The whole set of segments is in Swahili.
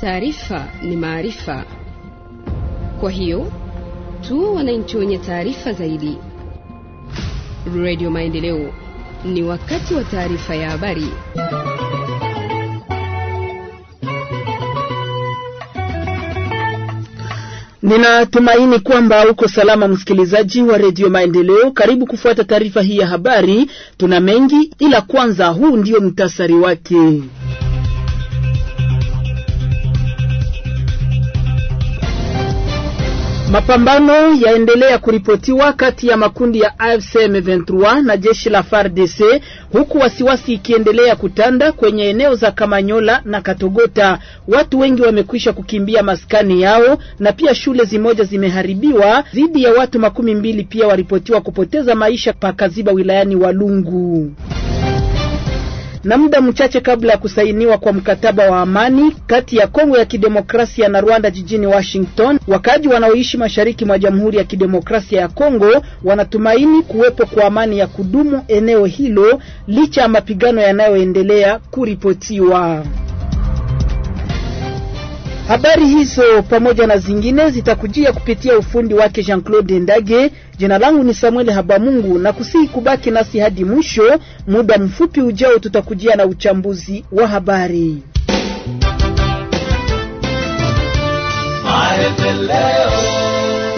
Taarifa ni maarifa, kwa hiyo tu wananchi wenye taarifa zaidi. Radio Maendeleo, ni wakati wa taarifa ya habari. Ninatumaini kwamba uko salama msikilizaji wa redio Maendeleo. Karibu kufuata taarifa hii ya habari. Tuna mengi, ila kwanza huu ndio mtasari wake. Mapambano yaendelea kuripotiwa kati ya makundi ya AFC M23 na jeshi la FARDC huku wasiwasi ikiendelea kutanda kwenye eneo za Kamanyola na Katogota. Watu wengi wamekwisha kukimbia maskani yao na pia shule zimoja zimeharibiwa. Zaidi ya watu makumi mbili pia waripotiwa kupoteza maisha pakaziba wilayani Walungu na muda mchache kabla ya kusainiwa kwa mkataba wa amani kati ya Kongo ya Kidemokrasia na Rwanda jijini Washington, wakaaji wanaoishi mashariki mwa Jamhuri ya Kidemokrasia ya Kongo wanatumaini kuwepo kwa amani ya kudumu eneo hilo licha ya mapigano yanayoendelea kuripotiwa. Habari hizo pamoja na zingine zitakujia kupitia ufundi wake Jean-Claude Ndage. Jina langu ni Samuel Habamungu na kusihi kubaki nasi hadi mwisho. Muda mfupi ujao tutakujia na uchambuzi wa habari.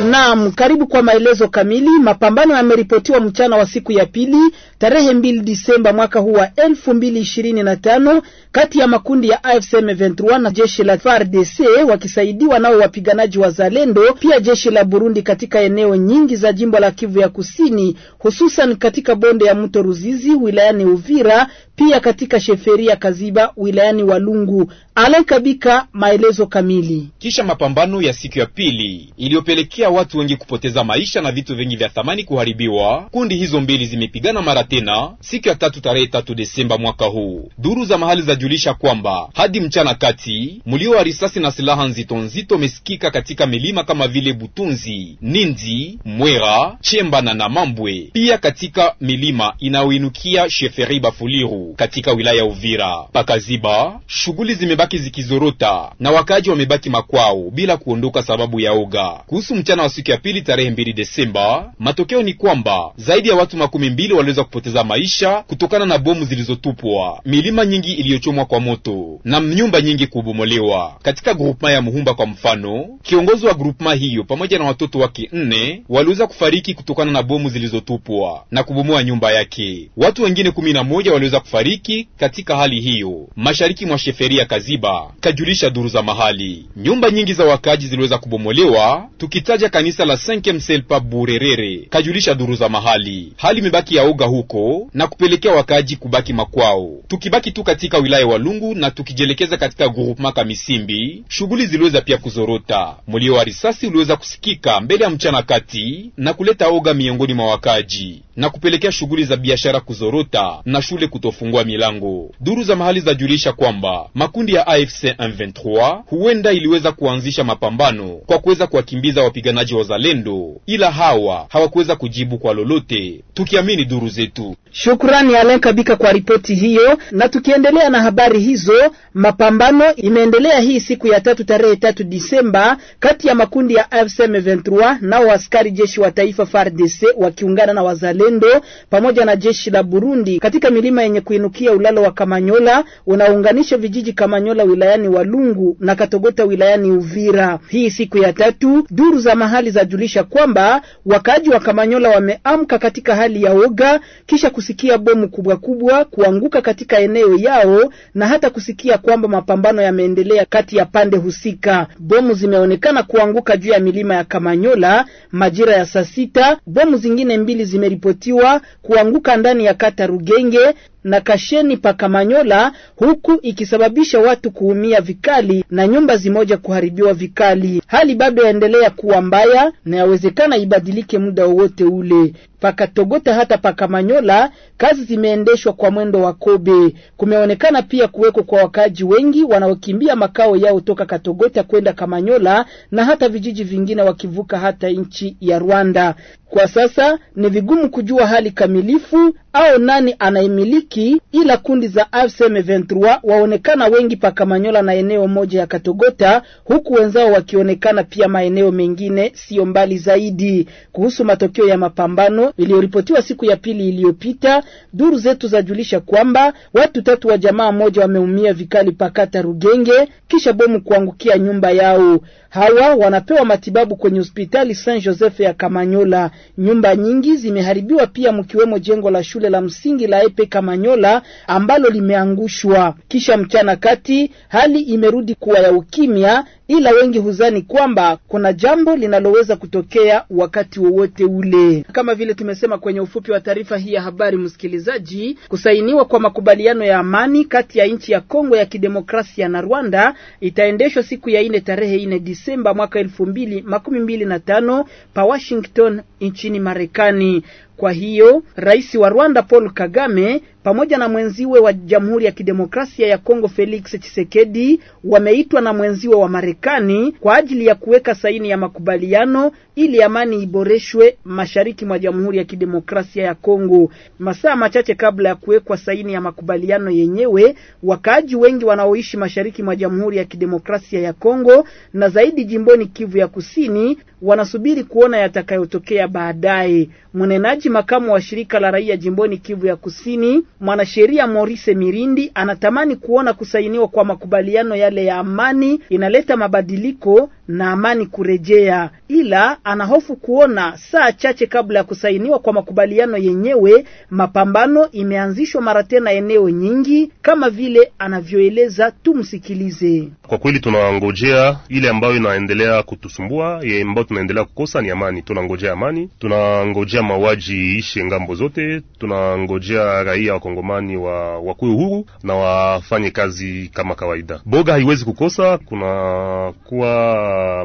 Naam, karibu kwa maelezo kamili. Mapambano yameripotiwa mchana wa siku ya pili tarehe mbili Disemba mwaka huu wa elfu mbili ishirini na tano kati ya makundi ya AFC M23 na jeshi la FARDC wakisaidiwa nao wapiganaji wa Zalendo, pia jeshi la Burundi katika eneo nyingi za jimbo la Kivu ya Kusini, hususan katika bonde ya mto Ruzizi wilayani Uvira pia katika sheferia Kaziba wilayani Walungu. Alankabika maelezo kamili. Kisha mapambano ya siku ya pili iliyopelekea watu wengi kupoteza maisha na vitu vingi vya thamani kuharibiwa, kundi hizo mbili zimepigana mara tena siku ya tatu tarehe tatu Desemba mwaka huu. Duru za mahali zajulisha kwamba hadi mchana kati mlio wa risasi na silaha nzito nzito umesikika katika milima kama vile Butunzi, Nindi, Mwera, Chemba na Namambwe, pia katika milima inayoinukia sheferi Bafuliru katika wilaya ya Uvira pakaziba, shughuli zimebaki zikizorota na wakaji wamebaki makwao bila kuondoka sababu ya oga. Kuhusu mchana wa siku ya pili tarehe mbili Desemba, matokeo ni kwamba zaidi ya watu makumi mbili waliweza kupoteza maisha kutokana na bomu zilizotupwa, milima nyingi iliyochomwa kwa moto na nyumba nyingi kubomolewa katika grupma ya Muhumba. Kwa mfano, kiongozi wa grupma hiyo pamoja na watoto wake nne waliweza kufariki kutokana na bomu zilizotupwa na kubomoa nyumba yake. Watu wengine kumi na moja waliweza kufariki kufariki katika hali hiyo, mashariki mwa Sheferia Kaziba, kajulisha duru za mahali. Nyumba nyingi za wakaaji ziliweza kubomolewa, tukitaja kanisa la Mselpa Burerere, kajulisha duru za mahali. Hali imebaki ya oga huko na kupelekea wakaaji kubaki makwao. Tukibaki tu katika wilaya Walungu na tukijielekeza katika groupement Kamisimbi, shughuli ziliweza pia kuzorota. Mlio wa risasi uliweza kusikika mbele ya mchana kati na kuleta oga miongoni mwa wakaaji na kupelekea shughuli za biashara kuzorota na shule kutofungua milango. Duru za mahali zajulisha kwamba makundi ya AFC M23 huenda iliweza kuanzisha mapambano kwa kuweza kuwakimbiza wapiganaji wa Zalendo, ila hawa hawakuweza kujibu kwa lolote, tukiamini duru zetu. Shukrani Alen Kabika kwa ripoti hiyo. Na tukiendelea na habari hizo, mapambano imeendelea hii siku ya tatu tarehe tatu Disemba kati ya makundi ya AFC M23 nao askari jeshi wa taifa FARDC wakiungana na wazalendo Zalendo pamoja na jeshi la Burundi katika milima yenye kuinukia ulalo wa Kamanyola unaunganisha vijiji Kamanyola wilayani Walungu na Katogota wilayani Uvira. Hii siku ya tatu, duru za mahali zajulisha kwamba wakaaji wa Kamanyola wameamka katika hali ya woga kisha kusikia bomu kubwa kubwa kuanguka katika eneo yao na hata kusikia kwamba mapambano yameendelea kati ya pande husika. Bomu zimeonekana kuanguka juu ya milima ya Kamanyola majira ya saa sita. Bomu zingine mbili zimeripo kuripotiwa kuanguka ndani ya kata Rugenge na Kasheni pa Kamanyola, huku ikisababisha watu kuumia vikali na nyumba zimoja kuharibiwa vikali. Hali bado yaendelea kuwa mbaya na yawezekana ibadilike muda wowote ule. Pakatogota hata Pakamanyola kazi zimeendeshwa kwa mwendo wa kobe. Kumeonekana pia kuweko kwa wakaaji wengi wanaokimbia makao yao toka Katogota kwenda Kamanyola na hata vijiji vingine, wakivuka hata nchi ya Rwanda. Kwa sasa ni vigumu kujua hali kamilifu au nani anaimiliki, ila kundi za AFSM 23 waonekana wengi pa Kamanyola na eneo moja ya Katogota, huku wenzao wakionekana pia maeneo mengine siyo mbali zaidi. Kuhusu matokeo ya mapambano iliyoripotiwa siku ya pili iliyopita, duru zetu zajulisha kwamba watu tatu wa jamaa moja wameumia vikali pakata Rugenge kisha bomu kuangukia nyumba yao. Hawa wanapewa matibabu kwenye hospitali Saint Joseph ya Kamanyola. Nyumba nyingi zimeharibiwa pia, mkiwemo jengo la shule la msingi la Epe Kamanyola ambalo limeangushwa. Kisha mchana kati, hali imerudi kuwa ya ukimya ila wengi huzani kwamba kuna jambo linaloweza kutokea wakati wowote ule. Kama vile tumesema kwenye ufupi wa taarifa hii ya habari, msikilizaji, kusainiwa kwa makubaliano ya amani kati ya nchi ya Kongo ya Kidemokrasia na Rwanda itaendeshwa siku ya ine tarehe ine Disemba mwaka elfu mbili makumi mbili na tano pa Washington nchini Marekani. Kwa hiyo rais wa Rwanda Paul Kagame pamoja na mwenziwe wa Jamhuri ya Kidemokrasia ya Kongo Felix Tshisekedi wameitwa na mwenziwe wa Marekani kwa ajili ya kuweka saini ya makubaliano ili amani iboreshwe mashariki mwa Jamhuri ya Kidemokrasia ya Kongo. Masaa machache kabla ya kuwekwa saini ya makubaliano yenyewe, wakaaji wengi wanaoishi mashariki mwa Jamhuri ya Kidemokrasia ya Kongo na zaidi jimboni Kivu ya Kusini wanasubiri kuona yatakayotokea baadaye. Mnenaji makamu wa shirika la raia jimboni Kivu ya Kusini, mwanasheria Maurice Mirindi anatamani kuona kusainiwa kwa makubaliano yale ya amani inaleta mabadiliko na amani kurejea, ila anahofu kuona saa chache kabla ya kusainiwa kwa makubaliano yenyewe mapambano imeanzishwa mara tena eneo nyingi, kama vile anavyoeleza. Tumsikilize. Kwa kweli tunangojea ile ambayo inaendelea kutusumbua, ambayo tunaendelea kukosa ni amani. Tunangojea amani, tunangojea mauaji tukiishi ngambo zote, tunangojea raia wakongomani wa wakuwe huru na wafanye kazi kama kawaida. Boga haiwezi kukosa, kunakuwa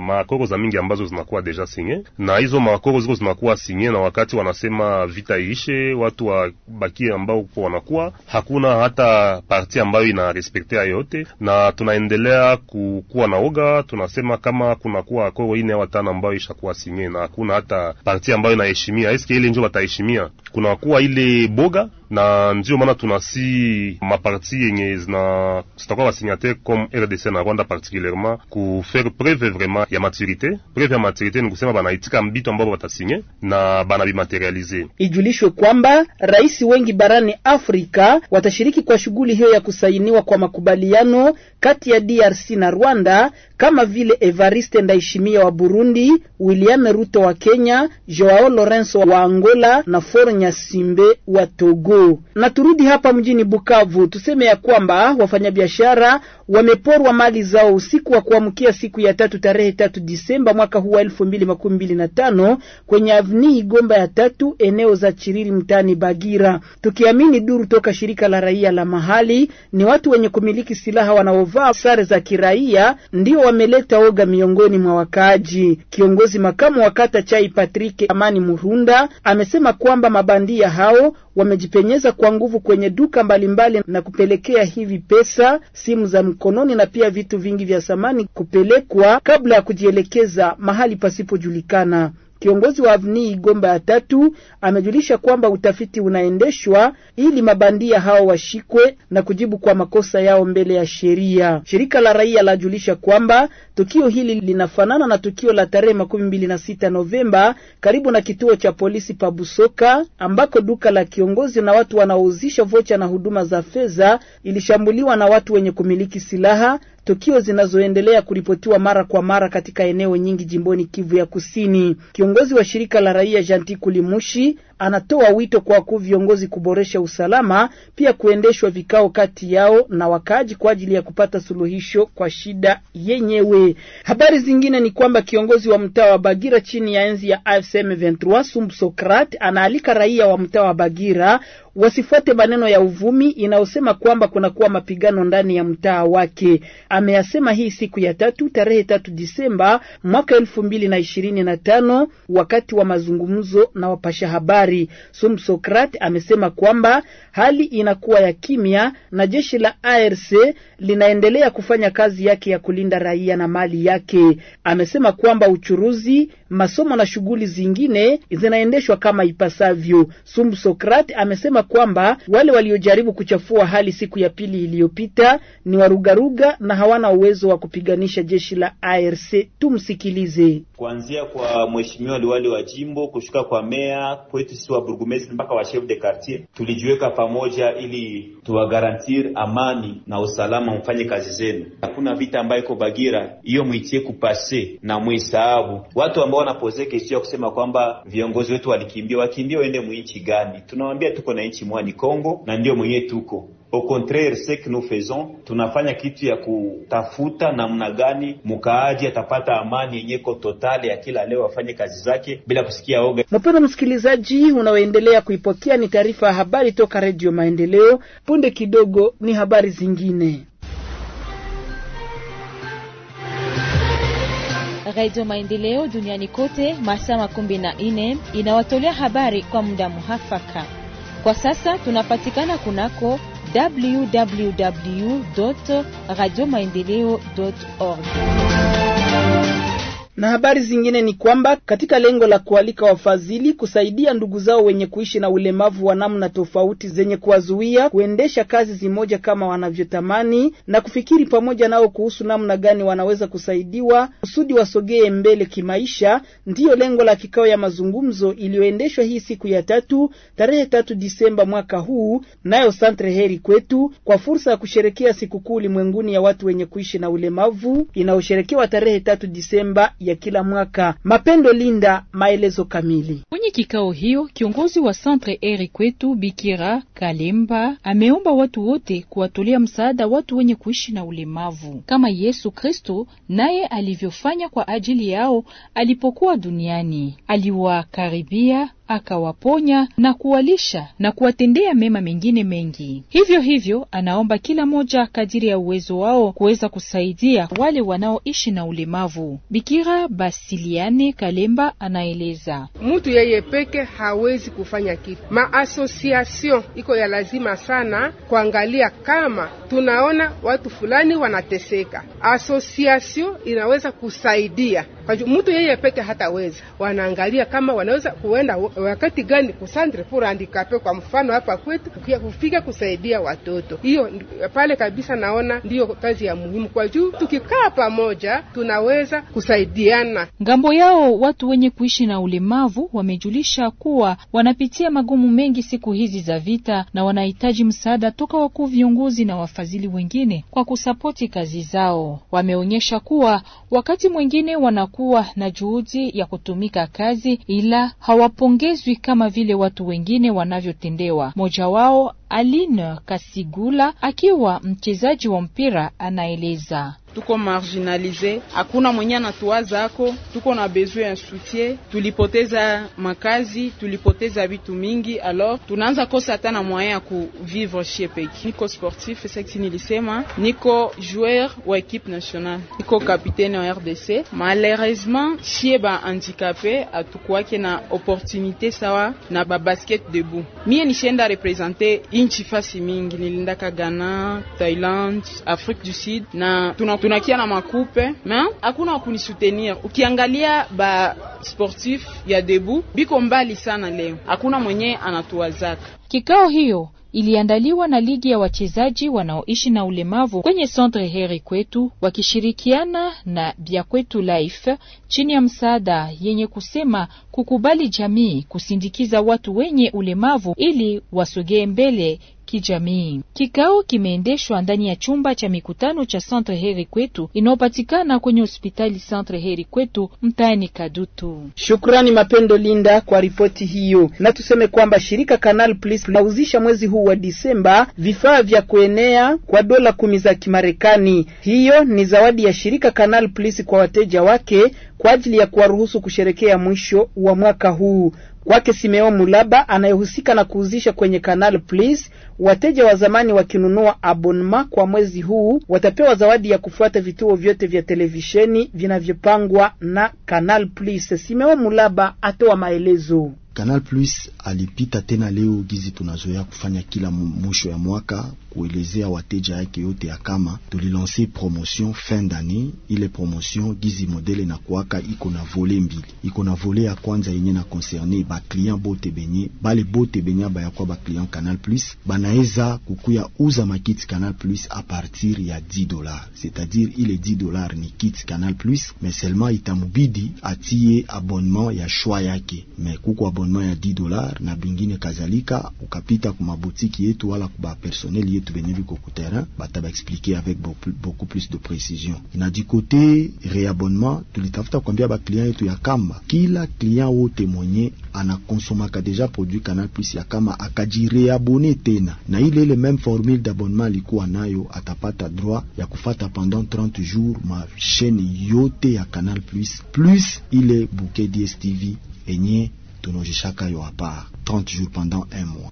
maakoro za mingi ambazo zinakuwa deja sinye, na hizo maakoro ziko zinakuwa sinye, na wakati wanasema vita iishe, watu wabakie ambao kwa wanakuwa hakuna hata parti ambayo inarespektea yote, na tunaendelea kukuwa na oga. Tunasema kama kunakuwa akoro ine watano ambayo ishakuwa sinye na hakuna hata parti ambayo inaheshimia eske ile njo kuna kuwa ile boga na ndio maana tunasi maparti yenye zina zitakuwa basinyate comme RDC na Rwanda particulierement ku faire preuve vraiment ya maturité. Preuve ya maturité ni kusema banaitika mbito ambao batasinye na banabimaterialize. Ijulishwe kwamba rais wengi barani Afrika watashiriki kwa shughuli hiyo ya kusainiwa kwa makubaliano kati ya DRC na Rwanda kama vile Evariste Ndayishimiye wa Burundi, William Ruto wa Kenya, Joao Lorenzo wa Angola na Faure Gnassingbe wa Togo huu. Na turudi hapa mjini Bukavu, tuseme ya kwamba wafanyabiashara wameporwa mali zao usiku wa kuamkia siku ya tatu tarehe tatu Disemba mwaka huu wa elfu mbili makumi mbili na tano kwenye avni Igomba ya tatu eneo za Chiriri mtaani Bagira, tukiamini duru toka shirika la raia la mahali, ni watu wenye kumiliki silaha wanaovaa sare za kiraia ndio wameleta oga miongoni mwa wakaaji. Kiongozi makamu wa kata Chai Patrick Amani Murunda amesema kwamba mabandia hao wamejipenyeza kwa nguvu kwenye duka mbalimbali mbali na kupelekea hivi pesa, simu za mkononi na pia vitu vingi vya samani kupelekwa kabla ya kujielekeza mahali pasipojulikana. Kiongozi wa Avni Gomba ya tatu amejulisha kwamba utafiti unaendeshwa ili mabandia hao washikwe na kujibu kwa makosa yao mbele ya sheria. Shirika la raia lajulisha kwamba tukio hili linafanana na tukio la tarehe makumi mbili na sita Novemba karibu na kituo cha polisi Pabusoka ambako duka la kiongozi na watu wanaouzisha vocha na huduma za fedha ilishambuliwa na watu wenye kumiliki silaha tukio zinazoendelea kuripotiwa mara kwa mara katika eneo nyingi jimboni Kivu ya Kusini. Kiongozi wa shirika la raia Janti Kulimushi anatoa wito kwa wakuu viongozi kuboresha usalama, pia kuendeshwa vikao kati yao na wakaaji kwa ajili ya kupata suluhisho kwa shida yenyewe. Habari zingine ni kwamba kiongozi wa mtaa wa Bagira chini ya enzi ya AFC M23 Sumbu Sokrat anaalika raia wa mtaa wa Bagira wasifuate maneno ya uvumi inayosema kwamba kunakuwa mapigano ndani ya mtaa wake. Ameyasema hii siku ya tatu tarehe tatu Disemba mwaka elfu mbili na ishirini na tano wakati wa mazungumzo na wapasha habari habari Sumsokrat amesema kwamba hali inakuwa ya kimya na jeshi la ARC linaendelea kufanya kazi yake ya kulinda raia na mali yake. Amesema kwamba uchuruzi, masomo na shughuli zingine zinaendeshwa kama ipasavyo. Sumbu Sokrat amesema kwamba wale waliojaribu kuchafua hali siku ya pili iliyopita ni warugaruga na hawana uwezo wa kupiganisha jeshi la ARC. Tumsikilize. Kuanzia kwa mheshimiwa liwali wa jimbo kushuka kwa meya kwetu sisi wa burgomestre mpaka wa chef de quartier tulijiweka pamoja ili tuwagarantir amani na usalama, mfanye kazi zenu. Hakuna vita ambayo iko Bagira hiyo mwitie kupase na mwisaabu. Watu ambao wanapozea ya kusema kwamba viongozi wetu walikimbia, wakimbia waende mwinchi gani? Tunawaambia tuko na nchi mwani Kongo, na ndiyo mwenyewe tuko au contraire, ce que nous faisons, tunafanya kitu ya kutafuta namna gani mkaaji atapata amani yenyeko totale ya kila leo afanye kazi zake bila kusikia oga. Mpendwa msikilizaji, unaoendelea kuipokea ni taarifa ya habari toka Redio Maendeleo. Punde kidogo ni habari zingine. Redio Maendeleo duniani kote masaa makumi na nne inawatolea habari kwa muda muhafaka. Kwa sasa tunapatikana kunako www www.radiomaendeleo.org. Na habari zingine ni kwamba katika lengo la kualika wafadhili kusaidia ndugu zao wenye kuishi na ulemavu wa namna tofauti zenye kuwazuia kuendesha kazi zimoja kama wanavyotamani na kufikiri pamoja nao kuhusu namna gani wanaweza kusaidiwa kusudi wasogee mbele kimaisha, ndiyo lengo la kikao ya mazungumzo iliyoendeshwa hii siku ya tatu tarehe tatu Disemba mwaka huu, nayo Santre Heri Kwetu, kwa fursa ya kusherekea sikukuu ulimwenguni ya watu wenye kuishi na ulemavu inayosherekewa tarehe tatu Disemba ya kila mwaka. Mapendo Linda, maelezo kamili kwenye kikao hiyo. Kiongozi wa Centre Eri kwetu Bikira Kalemba ameomba watu wote kuwatolea msaada watu wenye kuishi na ulemavu kama Yesu Kristo naye alivyofanya kwa ajili yao alipokuwa duniani. Aliwakaribia akawaponya na kuwalisha na kuwatendea mema mengine mengi. Hivyo hivyo, anaomba kila moja kadiri ya uwezo wao kuweza kusaidia wale wanaoishi na ulemavu. Bikira Basiliane Kalemba anaeleza, mtu yeye peke hawezi kufanya kitu, maasosiasio iko ya lazima sana kuangalia kama tunaona watu fulani wanateseka. Asosiasio inaweza kusaidia kwa mtu yeye peke hataweza, wanaangalia kama wanaweza kuenda wakati gani kusandre pour handicapé. Kwa mfano hapa kwetu kufika kusaidia watoto, hiyo pale kabisa naona ndiyo kazi ya muhimu, kwa juu tukikaa pamoja tunaweza kusaidiana. Ngambo yao watu wenye kuishi na ulemavu wamejulisha kuwa wanapitia magumu mengi siku hizi za vita na wanahitaji msaada toka wakuu viongozi na wafadhili wafadhili wengine kwa kusapoti kazi zao. Wameonyesha kuwa wakati mwingine wanakuwa na juhudi ya kutumika kazi, ila hawapongezwi kama vile watu wengine wanavyotendewa. Mmoja wao Aline Kasigula akiwa mchezaji wa mpira anaeleza tuko marginalize, hakuna mwenye anatuwaza ako, tuko na besoin ya soutien. Tulipoteza makazi, tulipoteza vitu mingi, alors tunaanza kosa hata na moyen ya kuvivre chez peki. Niko sportif sexy, nilisema niko joueur wa equipe nationale, niko kapitene wa RDC. Malheureusement chie ba handicapé hatukuwake na opportunité sawa na ba basket debout. Mie nishienda representer inchi fasi mingi, nilindaka Ghana, Thailand, Afrique du Sud na tunakia tuna na makupe ma hakuna wakuni soutenir Ukiangalia ba sportif ya debu biko mbali sana, leo hakuna mwenye anatuwazaka kikao hiyo iliandaliwa na ligi ya wachezaji wanaoishi na ulemavu kwenye Centre Heri Kwetu wakishirikiana na Bya Kwetu Life chini ya msaada yenye kusema kukubali jamii kusindikiza watu wenye ulemavu ili wasogee mbele kijamii. Kikao kimeendeshwa ndani ya chumba cha mikutano cha Centre Heri Kwetu inayopatikana kwenye hospitali Centre Heri Kwetu mtaani Kadutu. Shukrani Mapendo Linda kwa ripoti hiyo. Na tuseme kwamba shirika Canal Plus linauzisha mwezi huu wa Disemba vifaa vya kuenea kwa dola kumi za Kimarekani. Hiyo ni zawadi ya shirika Canal Plus kwa wateja wake kwa ajili ya kuwaruhusu kusherekea mwisho wa mwaka huu. Kwake Simeo Mulaba anayehusika na kuuzisha kwenye Canal Plus, wateja wa zamani wakinunua abonema kwa mwezi huu watapewa zawadi ya kufuata vituo vyote vya televisheni vinavyopangwa na Canal Plus. Simeo Mulaba atoa maelezo. Canal Plus alipita tena leo gizi tunazoea kufanya kila mwisho ya mwaka kuelezea wateja yake yote ya kama tulilanse promotion fin d'année. Ile promotion gizi modele na kuaka iko na vole mbili, iko na vole ya kwanza yenye na concerne ba client bote benye bale bote benye baya ba client Canal Plus banaweza kukuya uza makiti Canal Plus a partir ya 10 dollars, c'est-à-dire ile 10 dollars ni kit Canal Plus, mais seulement itamubidi atie abonnement ya shwa yake, mais kuko abonnement ya 10 dollars na bingine kazalika, ukapita kumabotiki yetu wala kuba personnel yetu du terrain, tu bataba expliquer avec beaucoup plus de précision. Na du côté réabonnement, tulitafuta kuambia ba client yetu ya kamba kila client wote mwenye a déjà produit Canal Plus ya kama akajireabone tena na ile ile même formule d'abonnement alikuwa nayo, atapata droit ya kufata pendant 30 jours ma chaîne yote à Canal Plus plus ile bouquet DSTV enye tunojishaka yo part 30 jours pendant un mois.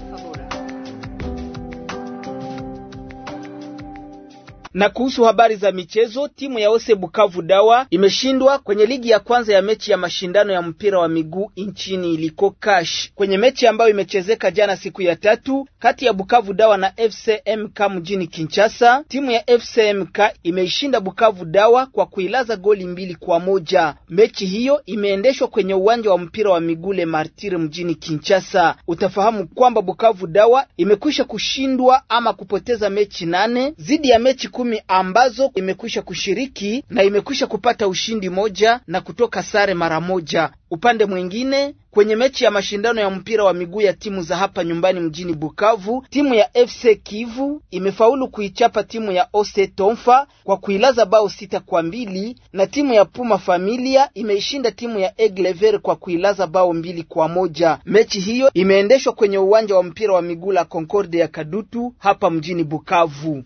Na kuhusu habari za michezo, timu ya Ose Bukavu Dawa imeshindwa kwenye ligi ya kwanza ya mechi ya mashindano ya mpira wa miguu nchini iliko Cash, kwenye mechi ambayo imechezeka jana siku ya tatu kati ya Bukavu Dawa na FCMK mjini Kinshasa. Timu ya FCMK imeishinda Bukavu Dawa kwa kuilaza goli mbili kwa moja. Mechi hiyo imeendeshwa kwenye uwanja wa mpira wa miguu Le martir mjini Kinshasa. Utafahamu kwamba Bukavu Dawa imekwisha kushindwa ama kupoteza mechi nane zidi ya mechi kumi ambazo imekwisha kushiriki na imekwisha kupata ushindi moja na kutoka sare mara moja. Upande mwingine kwenye mechi ya mashindano ya mpira wa miguu ya timu za hapa nyumbani mjini Bukavu, timu ya FC Kivu imefaulu kuichapa timu ya Ose Tomfa kwa kuilaza bao sita kwa mbili na timu ya Puma Familia imeishinda timu ya Eglever kwa kuilaza bao mbili kwa moja. Mechi hiyo imeendeshwa kwenye uwanja wa mpira wa miguu la Concorde ya Kadutu hapa mjini Bukavu.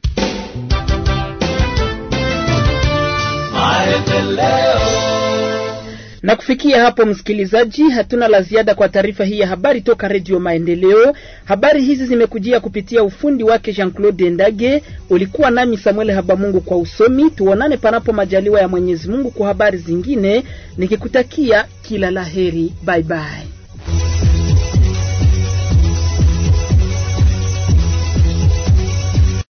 na kufikia hapo, msikilizaji, hatuna la ziada kwa taarifa hii ya habari toka Redio Maendeleo. Habari hizi zimekujia kupitia ufundi wake Jean Claude Ndage. Ulikuwa nami Samuel Habamungu kwa usomi. Tuonane panapo majaliwa ya Mwenyezi Mungu kwa habari zingine, nikikutakia kila la heri. Baibai.